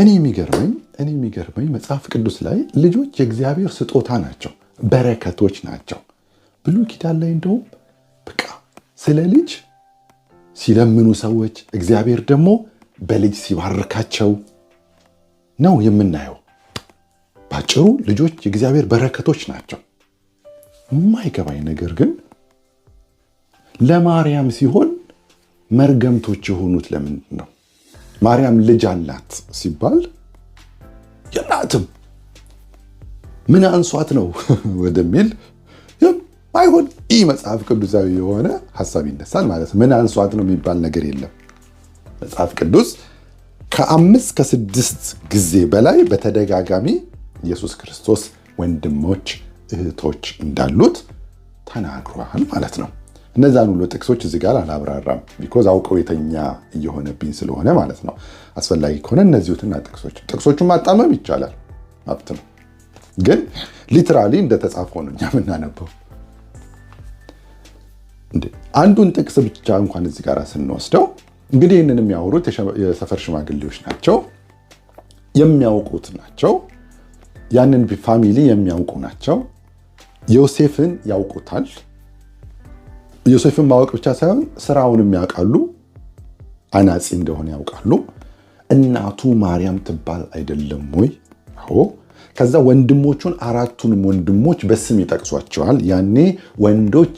እኔ የሚገርመኝ እኔ የሚገርመኝ መጽሐፍ ቅዱስ ላይ ልጆች የእግዚአብሔር ስጦታ ናቸው፣ በረከቶች ናቸው። ብሉ ኪዳን ላይ እንደውም በቃ ስለ ልጅ ሲለምኑ ሰዎች እግዚአብሔር ደግሞ በልጅ ሲባርካቸው ነው የምናየው። ባጭሩ ልጆች የእግዚአብሔር በረከቶች ናቸው። የማይገባኝ ነገር ግን ለማርያም ሲሆን መርገምቶች የሆኑት ለምንድን ነው? ማርያም ልጅ አላት ሲባል የላትም ምን አንሷት ነው ወደሚል አይሆን ይህ መጽሐፍ ቅዱሳዊ የሆነ ሀሳብ ይነሳል ማለት ነው። ምን አንሷት ነው የሚባል ነገር የለም። መጽሐፍ ቅዱስ ከአምስት ከስድስት ጊዜ በላይ በተደጋጋሚ ኢየሱስ ክርስቶስ ወንድሞች እህቶች እንዳሉት ተናግሯል ማለት ነው። እነዛን ሁሉ ጥቅሶች እዚህ ጋር አላብራራም፣ ቢኮዝ አውቀው የተኛ እየሆነብኝ ስለሆነ ማለት ነው። አስፈላጊ ከሆነ እነዚሁትና ጥቅሶች ጥቅሶቹን ማጣመም ይቻላል፣ መብት ነው። ግን ሊትራሊ እንደተጻፈው ነው እኛ የምናነበው። አንዱን ጥቅስ ብቻ እንኳን እዚህ ጋር ስንወስደው እንግዲህ ይህንን የሚያወሩት የሰፈር ሽማግሌዎች ናቸው፣ የሚያውቁት ናቸው፣ ያንን ፋሚሊ የሚያውቁ ናቸው። ዮሴፍን ያውቁታል። ዮሴፍን ማወቅ ብቻ ሳይሆን ስራውንም ያውቃሉ። አናጺ እንደሆነ ያውቃሉ። እናቱ ማርያም ትባል አይደለም ወይ? አዎ። ከዛ ወንድሞቹን አራቱንም ወንድሞች በስም ይጠቅሷቸዋል። ያኔ ወንዶች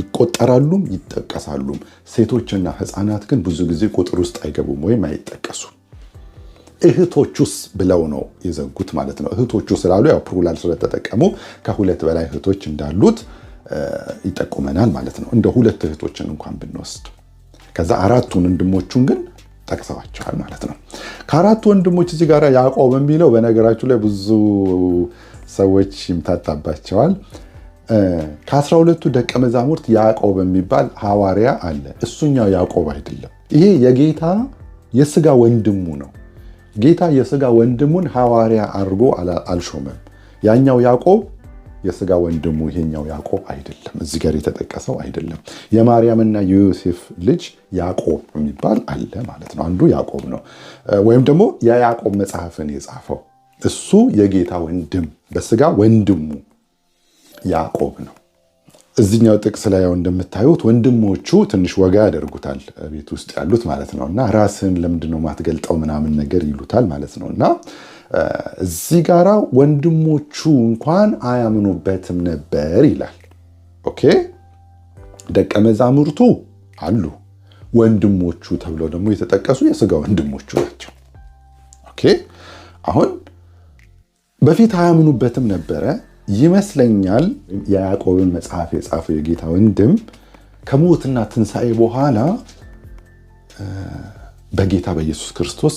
ይቆጠራሉም ይጠቀሳሉም። ሴቶችና ህፃናት ግን ብዙ ጊዜ ቁጥር ውስጥ አይገቡም ወይም አይጠቀሱም። እህቶቹስ ብለው ነው የዘጉት ማለት ነው። እህቶቹ ስላሉ ያው ስለተጠቀሙ ከሁለት በላይ እህቶች እንዳሉት ይጠቁመናል ማለት ነው። እንደ ሁለት እህቶችን እንኳን ብንወስድ ከዛ አራቱን ወንድሞቹን ግን ጠቅሰዋቸዋል ማለት ነው። ከአራቱ ወንድሞች እዚህ ጋር ያዕቆብ የሚለው በነገራችሁ ላይ ብዙ ሰዎች ይምታታባቸዋል። ከአስራ ሁለቱ ደቀ መዛሙርት ያዕቆብ የሚባል ሐዋርያ አለ። እሱኛው ያዕቆብ አይደለም። ይሄ የጌታ የስጋ ወንድሙ ነው። ጌታ የስጋ ወንድሙን ሐዋርያ አድርጎ አልሾመም። ያኛው ያዕቆብ የስጋ ወንድሙ ይሄኛው ያዕቆብ አይደለም፣ እዚህ ጋር የተጠቀሰው አይደለም። የማርያምና የዮሴፍ ልጅ ያዕቆብ የሚባል አለ ማለት ነው። አንዱ ያዕቆብ ነው፣ ወይም ደግሞ የያዕቆብ መጽሐፍን የጻፈው እሱ የጌታ ወንድም በስጋ ወንድሙ ያዕቆብ ነው። እዚኛው ጥቅስ ላይ እንደምታዩት ወንድሞቹ ትንሽ ወጋ ያደርጉታል ቤት ውስጥ ያሉት ማለት ነው። እና ራስህን ለምንድን ማትገልጠው ምናምን ነገር ይሉታል ማለት ነው እና እዚህ ጋራ ወንድሞቹ እንኳን አያምኑበትም ነበር ይላል። ኦኬ ደቀ መዛሙርቱ አሉ። ወንድሞቹ ተብለው ደግሞ የተጠቀሱ የስጋ ወንድሞቹ ናቸው። ኦኬ አሁን በፊት አያምኑበትም ነበረ ይመስለኛል። የያዕቆብን መጽሐፍ የጻፈው የጌታ ወንድም ከሞትና ትንሣኤ በኋላ በጌታ በኢየሱስ ክርስቶስ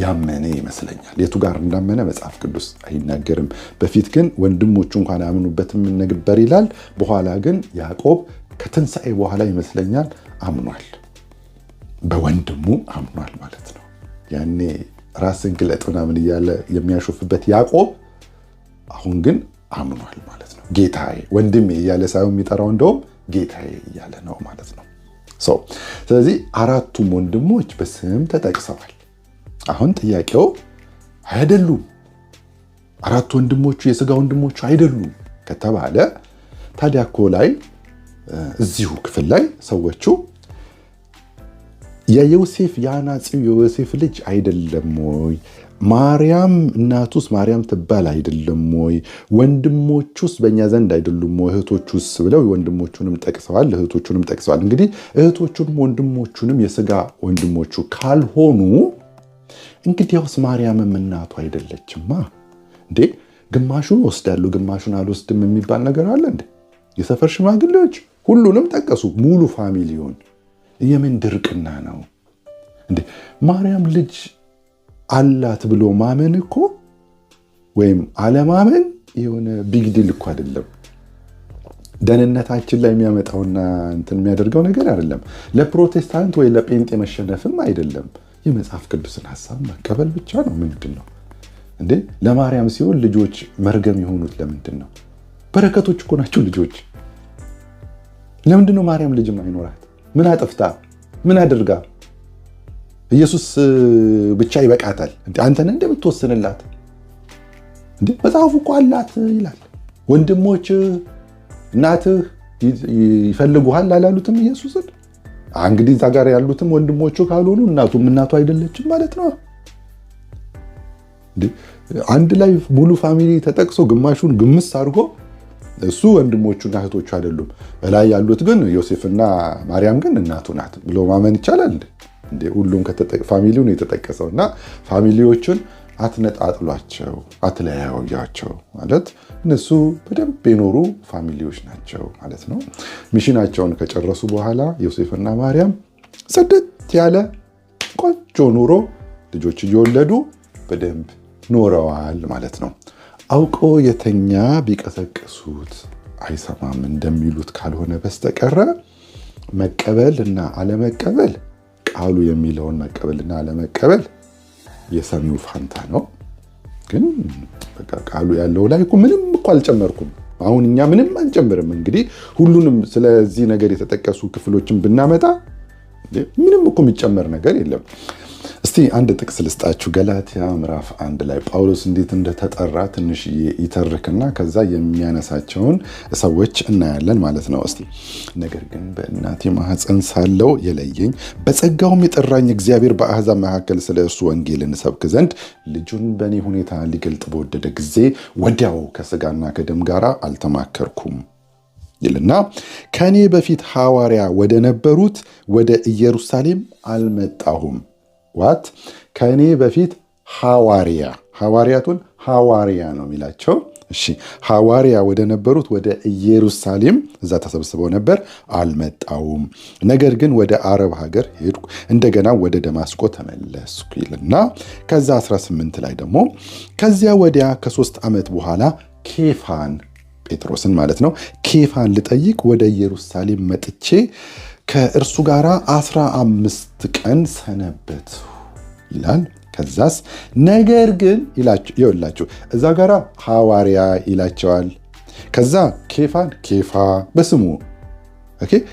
ያመነ ይመስለኛል። የቱ ጋር እንዳመነ መጽሐፍ ቅዱስ አይናገርም። በፊት ግን ወንድሞቹ እንኳን አያምኑበትም ነበር ይላል። በኋላ ግን ያዕቆብ ከትንሣኤ በኋላ ይመስለኛል አምኗል፣ በወንድሙ አምኗል ማለት ነው። ያኔ ራስን ግለጥ ምናምን እያለ የሚያሾፍበት ያዕቆብ አሁን ግን አምኗል ማለት ነው። ጌታዬ ወንድሜ እያለ ሳይሆን የሚጠራው እንደውም ጌታዬ እያለ ነው ማለት ነው። ስለዚህ አራቱም ወንድሞች በስም ተጠቅሰዋል። አሁን ጥያቄው አይደሉም፣ አራት ወንድሞቹ የስጋ ወንድሞቹ አይደሉም ከተባለ ታዲያ እኮ ላይ እዚሁ ክፍል ላይ ሰዎቹ የዮሴፍ የአናጺው የዮሴፍ ልጅ አይደለም ወይ? ማርያም እናቱስ ማርያም ትባል አይደለም ወይ? ወንድሞቹስ በእኛ ዘንድ አይደሉም ወይ? እህቶቹስ ብለው ወንድሞቹንም ጠቅሰዋል፣ እህቶቹንም ጠቅሰዋል። እንግዲህ እህቶቹንም ወንድሞቹንም የስጋ ወንድሞቹ ካልሆኑ እንግዲያውስ ማርያምም እናቱ አይደለችማ እንዴ? ግማሹን ወስዳለሁ ግማሹን አልወስድም የሚባል ነገር አለ እንዴ? የሰፈር ሽማግሌዎች ሁሉንም ጠቀሱ፣ ሙሉ ፋሚሊውን። የምን ድርቅና ነው እንዴ? ማርያም ልጅ አላት ብሎ ማመን እኮ ወይም አለማመን የሆነ ቢግዲል እኮ አይደለም። ደህንነታችን ላይ የሚያመጣውና እንትን የሚያደርገው ነገር አይደለም። ለፕሮቴስታንት ወይ ለጴንጤ መሸነፍም አይደለም። የመጽሐፍ ቅዱስን ሀሳብ መቀበል ብቻ ነው። ምንድን ነው እንዴ? ለማርያም ሲሆን ልጆች መርገም የሆኑት ለምንድን ነው? በረከቶች እኮ ናቸው ልጆች። ለምንድን ነው ማርያም ልጅም አይኖራት? ምን አጥፍታ? ምን አድርጋ? ኢየሱስ ብቻ ይበቃታል። አንተን እንደምትወስንላት እንዴ? መጽሐፉ እኮ አላት ይላል። ወንድሞች እናትህ ይፈልጉሃል አላሉትም ኢየሱስን እንግዲህ እዛ ጋር ያሉትም ወንድሞቹ ካልሆኑ እናቱም እናቱ አይደለችም ማለት ነው። አንድ ላይ ሙሉ ፋሚሊ ተጠቅሶ ግማሹን ግምስ አድርጎ እሱ ወንድሞቹና እህቶቹ አይደሉም። በላይ ያሉት ግን ዮሴፍና ማርያም ግን እናቱ ናት ብሎ ማመን ይቻላል። እንደ ሁሉም ፋሚሊውን የተጠቀሰው እና ፋሚሊዎቹን አትነጣጥሏቸው፣ አትለያያቸው ማለት እነሱ በደንብ የኖሩ ፋሚሊዎች ናቸው ማለት ነው። ሚሽናቸውን ከጨረሱ በኋላ ዮሴፍና ማርያም ጽድት ያለ ቆጆ ኑሮ ልጆች እየወለዱ በደንብ ኖረዋል ማለት ነው። አውቆ የተኛ ቢቀሰቅሱት አይሰማም እንደሚሉት ካልሆነ በስተቀረ መቀበል እና አለመቀበል ቃሉ የሚለውን መቀበል እና አለመቀበል የሰሚው ፋንታ ነው። ግን በቃ ቃሉ ያለው ላይ እኮ ምንም እኮ አልጨመርኩም። አሁን እኛ ምንም አንጨምርም። እንግዲህ ሁሉንም ስለዚህ ነገር የተጠቀሱ ክፍሎችን ብናመጣ ምንም እኮ የሚጨመር ነገር የለም። እስቲ አንድ ጥቅስ ልስጣችሁ። ገላትያ ምዕራፍ አንድ ላይ ጳውሎስ እንዴት እንደተጠራ ትንሽ ይተርክና ከዛ የሚያነሳቸውን ሰዎች እናያለን ማለት ነው። እስቲ ነገር ግን በእናቴ ማህፀን ሳለው የለየኝ በጸጋውም የጠራኝ እግዚአብሔር በአህዛብ መካከል ስለ እርሱ ወንጌል እንሰብክ ዘንድ ልጁን በእኔ ሁኔታ ሊገልጥ በወደደ ጊዜ ወዲያው ከስጋና ከደም ጋር አልተማከርኩም ይልና ከእኔ በፊት ሐዋርያ ወደ ነበሩት ወደ ኢየሩሳሌም አልመጣሁም ዋት ከእኔ በፊት ሐዋርያ ሐዋርያቱን ሐዋርያ ነው የሚላቸው። እሺ ሐዋርያ ወደ ነበሩት ወደ ኢየሩሳሌም እዛ ተሰብስበው ነበር፣ አልመጣውም። ነገር ግን ወደ አረብ ሀገር ሄድኩ፣ እንደገና ወደ ደማስቆ ተመለስኩ ይልና ከዛ 18 ላይ ደግሞ ከዚያ ወዲያ ከሶስት ዓመት በኋላ ኬፋን ጴጥሮስን ማለት ነው ኬፋን ልጠይቅ ወደ ኢየሩሳሌም መጥቼ ከእርሱ ጋር አስራ አምስት ቀን ሰነበት ይላል። ከዛስ ነገር ግን ይላችሁ እዛ ጋራ ሐዋርያ ይላቸዋል። ከዛ ኬፋን ኬፋ በስሙ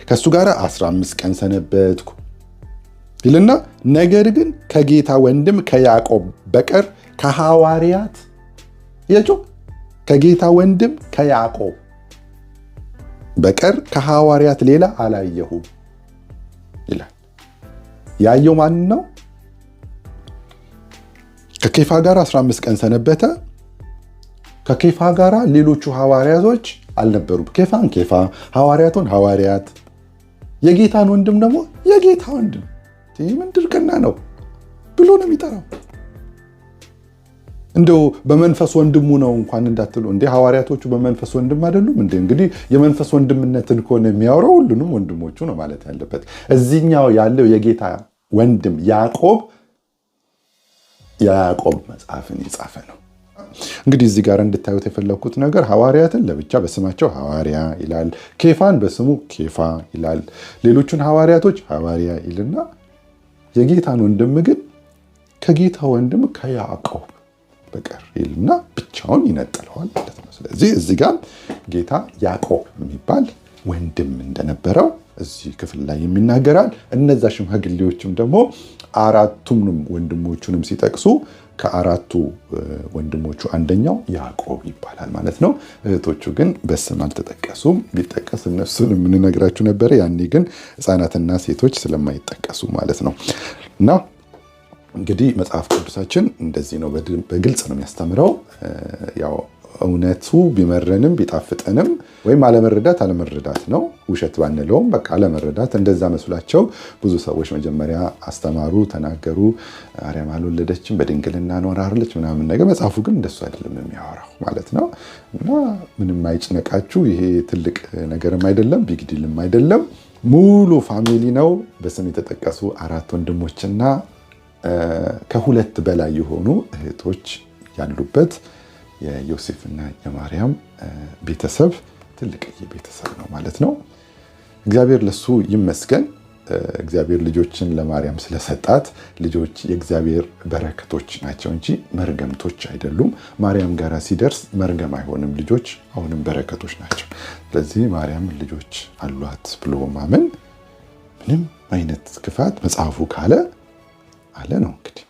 ከእሱ ጋር 15 ቀን ሰነበትኩ ይልና ነገር ግን ከጌታ ወንድም ከያዕቆብ በቀር ከሐዋርያት ያቸው ከጌታ ወንድም ከያዕቆብ በቀር ከሐዋርያት ሌላ አላየሁም። ይላል። ያየው ማን ነው? ከኬፋ ጋር 15 ቀን ሰነበተ። ከኬፋ ጋር ሌሎቹ ሐዋርያቶች አልነበሩም። ኬፋን ኬፋ፣ ሐዋርያቱን ሐዋርያት፣ የጌታን ወንድም ደግሞ የጌታ ወንድም፣ ምን ድርቅና ነው ብሎ ነው የሚጠራው። እንደው በመንፈስ ወንድሙ ነው እንኳን እንዳትሉ እንዴ ሐዋርያቶቹ በመንፈስ ወንድም አይደሉም እንደ እንግዲህ የመንፈስ ወንድምነትን ከሆነ የሚያወራው ሁሉንም ወንድሞቹ ነው ማለት ያለበት። እዚህኛው ያለው የጌታ ወንድም ያዕቆብ የያዕቆብ መጽሐፍን የጻፈ ነው። እንግዲህ እዚህ ጋር እንድታዩት የፈለግኩት ነገር ሐዋርያትን ለብቻ በስማቸው ሐዋርያ ይላል። ኬፋን በስሙ ኬፋ ይላል። ሌሎቹን ሐዋርያቶች ሐዋርያ ይልና የጌታን ወንድም ግን ከጌታ ወንድም ከያዕቆብ በቀር ይልና ብቻውን ይነጥለዋል ማለት ነው። ስለዚህ እዚህ ጋር ጌታ ያዕቆብ የሚባል ወንድም እንደነበረው እዚህ ክፍል ላይ የሚናገራል። እነዛ ሽማግሌዎችም ደግሞ አራቱም ወንድሞቹንም ሲጠቅሱ ከአራቱ ወንድሞቹ አንደኛው ያዕቆብ ይባላል ማለት ነው። እህቶቹ ግን በስም አልተጠቀሱም። ቢጠቀስ እነሱን የምንነግራችሁ ነበረ። ያኔ ግን ሕፃናትና ሴቶች ስለማይጠቀሱ ማለት ነው እና እንግዲህ መጽሐፍ ቅዱሳችን እንደዚህ ነው፣ በግልጽ ነው የሚያስተምረው። ያው እውነቱ ቢመረንም ቢጣፍጠንም ወይም አለመረዳት አለመረዳት ነው፣ ውሸት ባንለውም በቃ አለመረዳት። እንደዛ መስሏቸው ብዙ ሰዎች መጀመሪያ አስተማሩ፣ ተናገሩ። አርያም አልወለደችም፣ በድንግልና ኖራለች ምናምን ነገር። መጽሐፉ ግን እንደሱ አይደለም የሚያወራው ማለት ነው። እና ምንም አይጭነቃችሁ፣ ይሄ ትልቅ ነገርም አይደለም፣ ቢግዲልም አይደለም። ሙሉ ፋሚሊ ነው። በስም የተጠቀሱ አራት ወንድሞችና ከሁለት በላይ የሆኑ እህቶች ያሉበት የዮሴፍና የማርያም ቤተሰብ ትልቅዬ ቤተሰብ ነው ማለት ነው። እግዚአብሔር ለሱ ይመስገን። እግዚአብሔር ልጆችን ለማርያም ስለሰጣት ልጆች የእግዚአብሔር በረከቶች ናቸው እንጂ መርገምቶች አይደሉም። ማርያም ጋር ሲደርስ መርገም አይሆንም። ልጆች አሁንም በረከቶች ናቸው። ስለዚህ ማርያም ልጆች አሏት ብሎ ማመን ምንም አይነት ክፋት መጽሐፉ ካለ አለ ነው እንግዲህ